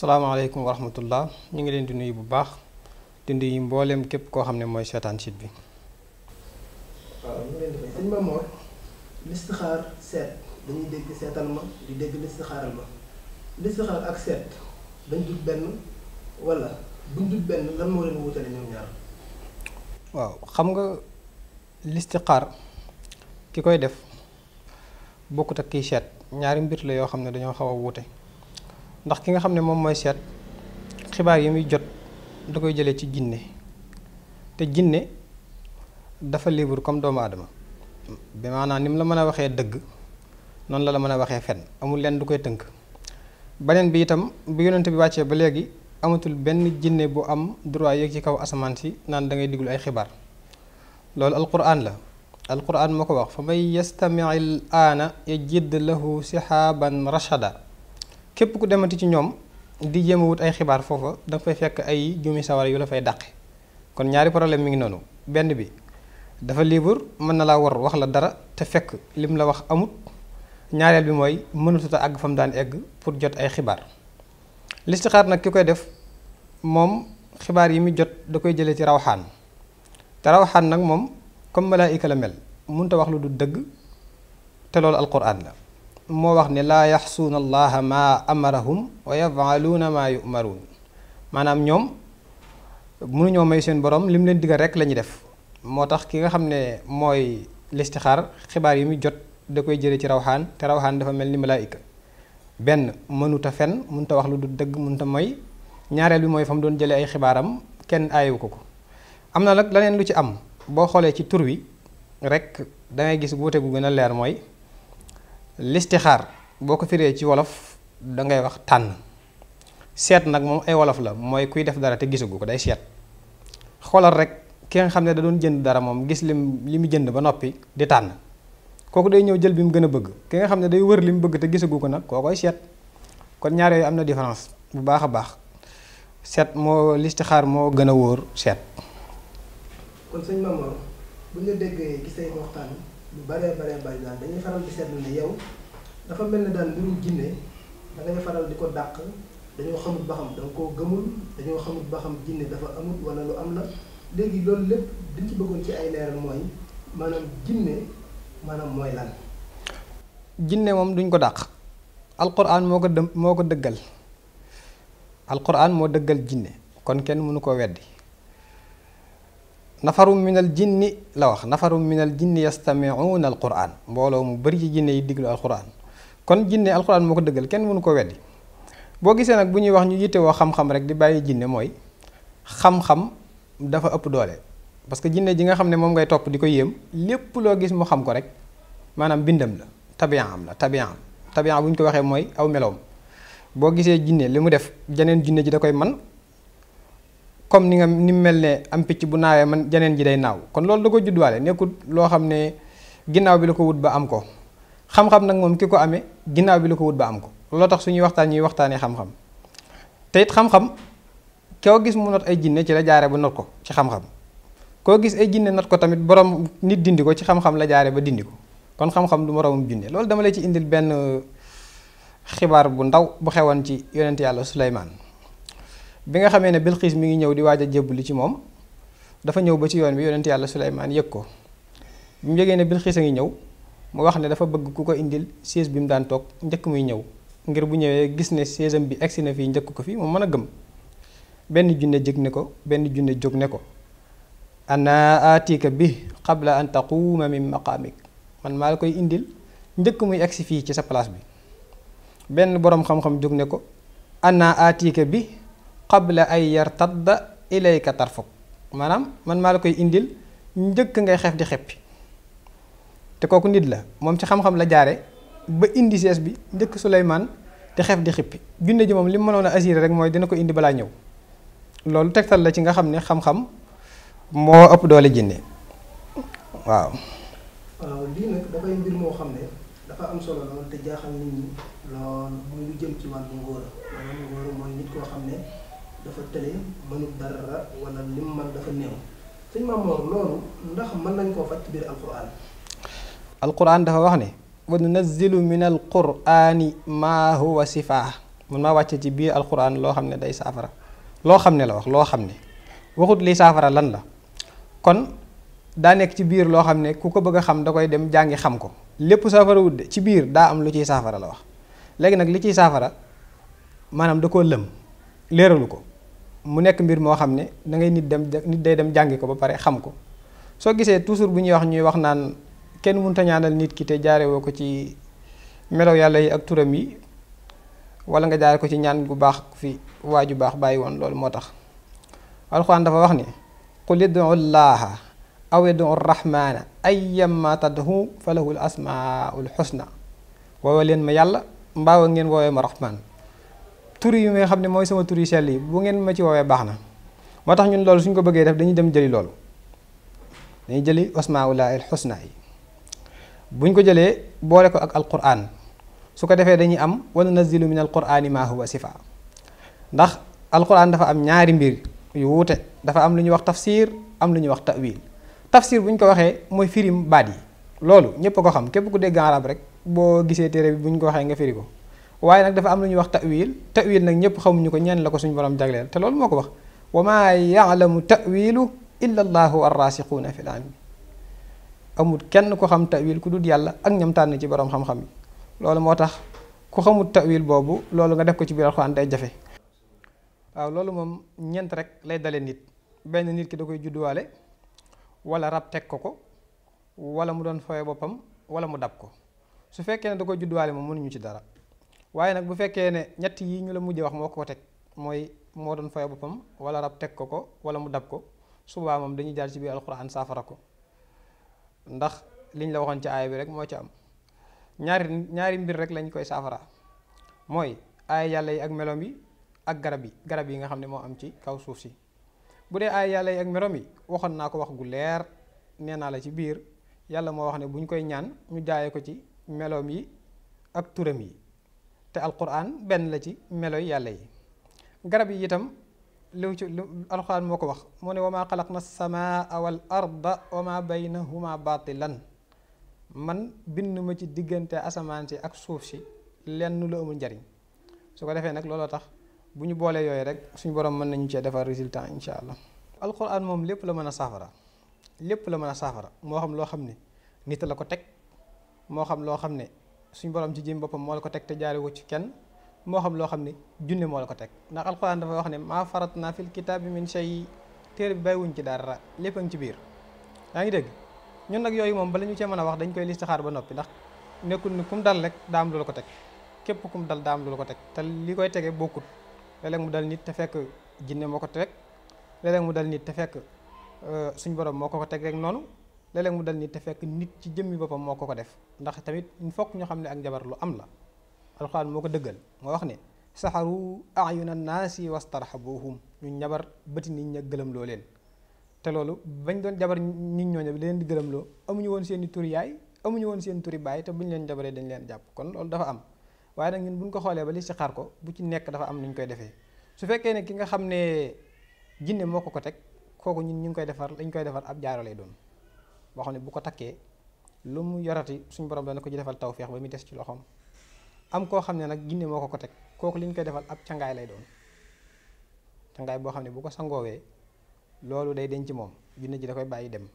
salaamaaleykum wa rahmatullah ñu ngi leen di nuyu bu baax di nuyu mbooleem képp koo xam ne mooy seetaan site bi. waaw ñu ngi leen di fay sëñ Mamor listixaar seet dañuy dégg seetal ma di dégg listixaaral ma listixaar ak seet dañ dul benn wala buñ dul benn lan moo leen wutale ñoom ñaar. waaw xam nga listixaar ki koy def bokkut ak kiy seet ñaari mbir la yoo xam ne dañoo xaw a wuute. ndax ki nga xam ne moom mooy seet xibaar yi muy jot da koy jëlee ci jinne te jinne dafa libre comme doomu aadama bi maanaam ni mu la mën a waxee dëgg noonu la la mën a waxee fen amul leen du koy tënk beneen bi itam bu yonent bi wàccee ba léegi amatul benn jinne bu am droit yéeg ci kaw asamaan si naan da ngay diglu ay xibaar loolu alquran la alquran ma ko wax fa may yastami l aana yajid lahu sihaaban rachada képp ku demati ci ñoom di jéem wut ay xibaar foofa da nga fay fekk ay jumi sawar yu la fay dàqe kon ñaari problème mi ngi noonu benn bi dafa libre mën na laa war wax la dara te fekk lim la wax amut ñaareel bi mooy mënatut àgg fa mu daan egg pour jot ay xibaar listixaar nag ki koy def moom xibaar yi muy jot da koy jëlee ci rawxaan te rawxaan nag moom comme malaayika la mel mënut a wax lu du dëgg te loolu alquran la moo wax ne laa yaxsuuna allaha ma amarahum wa yafaluuna maa yumaruun maanaam ñoom mënuñoo may seen boroom li mu leen digal rek la def moo tax ki nga xam ne mooy listixaar xibaar yi muy jot da koy jëlee ci rawxaan te rawxaan dafa mel ni malaayika benn mënuta fen mënuta wax lu du dëgg mënuta moy ñaareel bi mooy fa mu doon jëlee ay xibaaram kenn aayewu ko ko am na la leneen lu ci am boo xoolee ci tur wi rek dangay gis wuute gu gën a leer mooy listixaar boo ko firee ci wolof da ngay wax tan seet nak mom ay wolof la moy kuy def dara te gisagu ko day seet xolal rek ki nga xamné da doon jënd dara mom gis lim limi jënd ba nopi di tan koku day ñëw jël bi mu gëna bëgg ki nga xamné day wër li bëgg te gisagu ko nag koo kon ñaar yoy amna na différence bu baaxa baax seet mo listixaar moo gën a wóor kon señ Mamour bu ñu déggee gisee waxtan lu bëree bëree bari daal dañuy faral di seetlu ne yow dafa mel ne daal mbirum jinne da faral di ko dàq dañoo xamul ba xam da nga koo gëmul dañoo xamul ba xam jinne dafa amul wala lu am la léegi loolu lépp diñ ci bëggoon ci ay leeral mooy maanaam jinne maanaam mooy lan. jinne moom duñ ko dàq. alquran moo ko dë moo ko dëggal alquran moo dëggal jinne kon kenn mënu koo weddi. nafarum minal jinni la wax nafarum minal jinni yastamiuuna alquran mbooloo mu bari ci jinne yi diglu alquran kon jinne alquran moo ko dëggal kenn mënu ko weddi boo gisee nag bu ñuy wax ñu yittewoo xam-xam rek di bàyyi jinne mooy xam-xam dafa ëpp doole parce que jinne ji nga xam ne moom ngay topp di ko yéem lépp loo gis mu xam ko rek maanaam bindam la tabiyaam la tabiyaam tabiyaam bu ñu ko waxee mooy aw meloom boo gisee jinne li mu def jeneen jinne ji da koy man comme ni nga ni mu mel ne am picc bu naawee man jeneen ji day naaw kon loolu da ko juddwaale nekkul loo xam ne ginnaaw bi la ko wut ba am ko xam-xam nag moom ki ko amee ginnaaw bi la ko wut ba am ko loo tax suñuy waxtaan ñuy waxtaanee xam-xam te it xam-xam koo gis mu not ay jinne ci la jaare ba not ko ci xam-xam koo gis ay jinne not ko tamit borom nit dindi ko ci xam-xam la jaare ba dindi ko kon xam-xam du moroomum jinne loolu dama ci indil benn xibaar bu ndaw bu xewoon ci yonent yàlla Suleymaan bi nga xamee ne Bilqis mi ngi ñëw di waaj a jébbali ci moom dafa ñëw ba ci yoon wi yonent yàlla Suleymaan yëg ko bi mu yëgee ne Bilqis a ngi ñëw mu wax ne dafa bëgg ku ko indil siège bi mu daan toog njëkk muy ñëw ngir bu ñëwee gis ne siège am bi egsi na fii njëkk ko fii mu mën a gëm benn junne jëg ne ko benn junne jóg ne ko ana atika bi xabla an taquuma min maqaamik man maa la koy indil njëkk muy egsi fii ci sa place bi benn boroom xam-xam jóg ne ko ana bi qabla ay yartadda ilayka tarfuk maanaam man maa la koy indil njëkk ngay xef di xeppi te kooku nit la moom ci xam-xam la jaare ba indi sees bi njëkk Suleymaan te xef di xippi junne ji moom li mu mënoon rek mooy dina ko indi balaa ñëw loolu tegtal la ci nga xam ne xam-xam moo ëpp doole jinne waaw. lii nag moo xam ne dafa am solo lool te jaaxal nit ñi lool muy jëm ci wàllu ngóora mooy nit koo xam ne. dafa tele manu dara wala lim man dafa neew seigne mamour lolu ndax man nañ ko fat bir alquran alquran dafa wax ne وننزل من القران ما هو سفاء من ما واتي تي بي القران لو خامني داي سافرا لو خامني لا واخ لو خامني واخوت لي سافرا لان لا كون دا نيك تي بير لو خامني كوكو بغا خام داكاي mu nek mbir mo xamne da ngay nit dem nit day dem ko ba pare xam ko so gisee toujours bu ñuy wax ñuy wax naan kenn ta ñaanal nit ki te jaare wo ko ci melaw yalla yi ak turam yi wala nga jaare ko ci ñaan gu bax fi waju bax bayyi won lool motax alquran dafa wax ni qul idu allaha aw idu rahmaana ayyama tadhu falahu l asmaul wa walin leen ma yalla mbaaw ngeen woowee ma rahman tur yi nga xam ne mooy sama tur yu sell yi bu ngeen ma ci woowee baax na moo tax ñun loolu suñ ko bëggee def dañuy dem jëli loolu dañuy jëli asmaaullahi alxusna yi buñ ko jëlee boole ko ak alquran su ko defee dañuy am wane nazilu min alqurani ma huwa sifa ndax alquran dafa am ñaari mbir yu wuute dafa am lu ñuy wax tafsir am lu ñuy wax tawil tafsir bu ñu ko waxee mooy firim baat yi loolu ñëpp ko xam képp ku dégg arab rek boo gisee téere bi bu ñu ko waxee nga firi ko waaye nag dafa am lu ñuy wax ta'wil ta'wil nag ñëpp xamuñu ko ñenn la ko suñu borom jagleel te loolu moo ko wax wa maa yaalamu ta'wilu illa allahu arrasiquuna fi l ilmi amul kenn ko xam ta'wil ku dul yàlla ak ñam tànn ci borom xam-xam yi loolu moo tax ku xamul ta'wil boobu loolu nga def ko ci biir alxuraan day jafe waaw loolu moom ñeent rek lay dale nit benn nit ki da koy judduwaale wala rab teg ko ko wala mu doon fooye boppam wala mu dab ko su fekkee ne da judduwaale moom mënuñu ci dara waaye nag bu fekkee ne ñett yi ñu la mujj wax moo ko teg mooy moo doon fay boppam wala rab teg ko ko wala mu dab ko subaa moom dañuy jaar ci biir alxuraan saafara ko ndax liñ la waxoon ci aaya bi rek moo ci am ñaari ñaari mbir rek lañ koy saafara mooy yàlla yi ak melom yi ak garab yi garab yi nga xam ne moo am ci kaw suuf si bu dee yàlla yi ak melom waxoon naa ko wax gu leer nee naa la ci biir yàlla moo wax ne bu ñu koy ñaan ñu jaayee ko ci melom yi ak turam yi te alquran ben la ci meloy yàlla yi garab yi itam liw ci alquran moo ko wax ne wa maa xalaq na samaa wal arda wa baynahuma batilan man bind ma ci diggante asamaan si ak suuf si lenn lu amul njariñ su ko defee nag looloo tax bu ñu boolee yooyu rek suñu borom mën nañu cee defar allah. alquran mom lépp la mën a saafara lépp la mën a saafara xam loo nit la ko xam suñu borom ci jëm boppam moo la ko teg te jaariwu ci kenn moo xam loo xam ne junne moo la ko teg ndax alxuraan dafa wax ne maa farat naa fil kitaabi min say téere bi bàyyiwuñ ci dara lépp a ngi ci biir yaa ngi dégg ñun nag yooyu moom bala ñu cee mën a wax dañ koy listixaar ba noppi ndax nekkul ni kum dal rek daa lu la ko teg képp kum dal daa lu la ko teg te li koy tegee bokkut léeg-léeg mu dal nit te fekk jinne moo ko teg léeg-léeg mu dal nit te fekk euh, suñ borom moo ko ko teg rek noonu léeg mu dal ni te fekk nit ci jëmmi bopam moko ko def ndax tamit il faut ñu xam ak jabar lu am la alquran moko ko dëggal moo wax ne saharu ayuna nasi wastarhabuhum ñu jabar bëti nit ña gëlem lo leen te lolu bañ doon jabar nit ñooñu leen di gëlëm loo amuñu won seen tour turi yaay amuñu won seen turi baay te buñ leen jabaré dañ leen japp kon lolu dafa am waye nak ñun buñ ko xolé ba li ci xar ko bu ci nekk dafa am nuñ koy defee su fekkee ne ki nga xam ne jinne moo ko tek koku ñun ñu ngi koy defar dañ koy defar ab jaaro lay doon boo xam bu ko takke lu mu yorati suñu borom dana ko ci defal tawfiq ba mi dess ci loxom am ko xamne nak ginné moko ko tek koku liñ koy defal ab cangay lay doon cangay bo xamne bu ko sangowé loolu day denc mom ginné ji da koy bayyi dem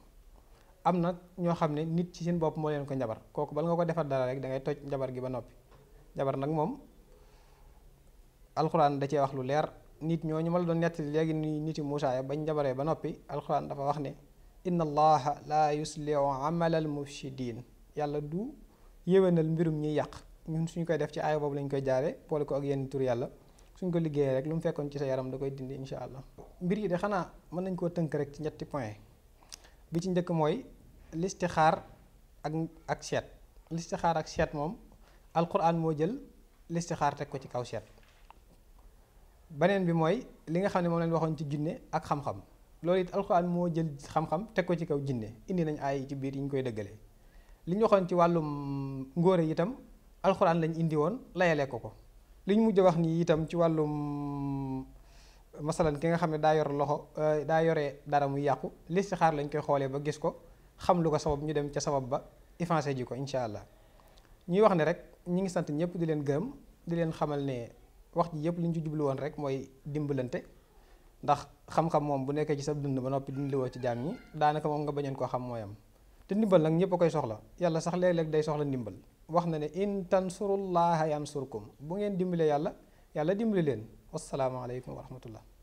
am nak ño xamne nit ci seen bop mo leen ko njabar koku bal nga ko defal dara rek da ngay toj njabar gi ba nopi njabar nak mom alquran da ci wax lu leer nit ñooñu ma la doon nettali ni nit niti musa ya bañ njabaré ba noppi alxuraan dafa wax ne inna allaha la yusliu amalal mufsidin yàlla du yéwénal mbirum ñuy yàq ñun suñ koy def ci aaya boobu lañ koy jaare boole ko ak yenn tur yàlla suñ ko liggéeyee rek lu mu fekkoon ci sa yaram da koy dindi incha allah mbir yi de xanaa mën nañ koo tënk rek ci ñetti point bi ci njëkk mooy listixaar ak ak seet listixaar ak seet moom alquran moo jël listixaar teg ko ci kaw seet beneen bi mooy li nga xam ne moom lañ waxoon ci jinne ak xam-xam loolu it alxuraan moo jël xam-xam teg ko ci kaw jinne indi nañ ay ci biir yi ñu koy dëggalee li ñu waxoon ci wàllum ngóore itam alxuraan lañ indi woon layalee ko ko li ñu mujj wax nii itam ci wàllum masalan ki nga xam ne daa yor loxo euh, daa yore dara muy yàqu listixaar lañ koy xoolee ba gis ko xam lu ko sabab ñu dem ca sabab ba ifancé ji ko incha allah ñuy wax ne rek ñi ngi sant ñëpp di leen gërëm di leen xamal ne wax ji yëpp li ñu ci jublu rek mooy dimbalante ndax xam-xam mom bu nekk ci sa dund ba nopi dund wo ci jaam ñi daanaka mom nga bañoon ko xam mooyam te ndimbal nak ñepp koy soxla yalla sax leg leg day soxla ndimbal wax na ne in tansurullaha yansurkum bu ngeen dimbale yalla yàlla dimbali assalamu alaykum wa rahmatullah